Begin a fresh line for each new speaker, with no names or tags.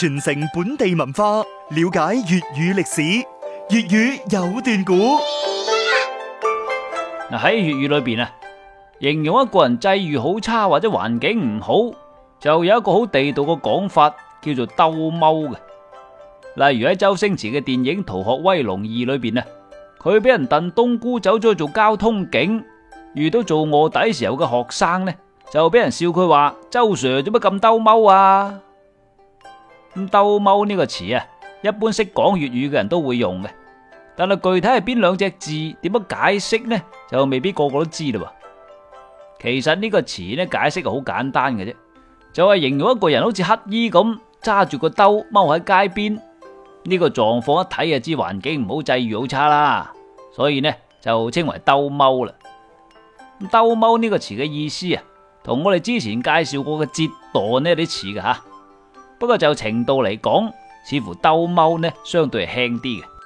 傳承本地文化，了解粵語歷史，粵語有段古。嗱，喺粵語裏邊啊，形容一個人際遇好差或者環境唔好，就有一個好地道嘅講法，叫做兜踎嘅。例如喺周星馳嘅電影《逃學威龍二》裏邊啊，佢俾人燉冬菇走咗去做交通警，遇到做臥底時候嘅學生呢就俾人笑佢話：周 sir 做乜咁兜踎啊？咁兜踎呢個詞啊，一般識講粵語嘅人都會用嘅，但係具體係邊兩隻字，點樣解釋呢？就未必個個都知嘞。啦。其實呢個詞呢，解釋好簡單嘅啫，就係、是、形容一個人好似乞衣咁揸住個兜踎喺街邊，呢、這個狀況一睇就知環境唔好，際遇好差啦。所以呢就稱為兜踎啦。咁兜踎呢個詞嘅意思啊，同我哋之前介紹過嘅折墮呢啲詞㗎吓。不過就程度嚟講，似乎兜踎呢相對係輕啲嘅。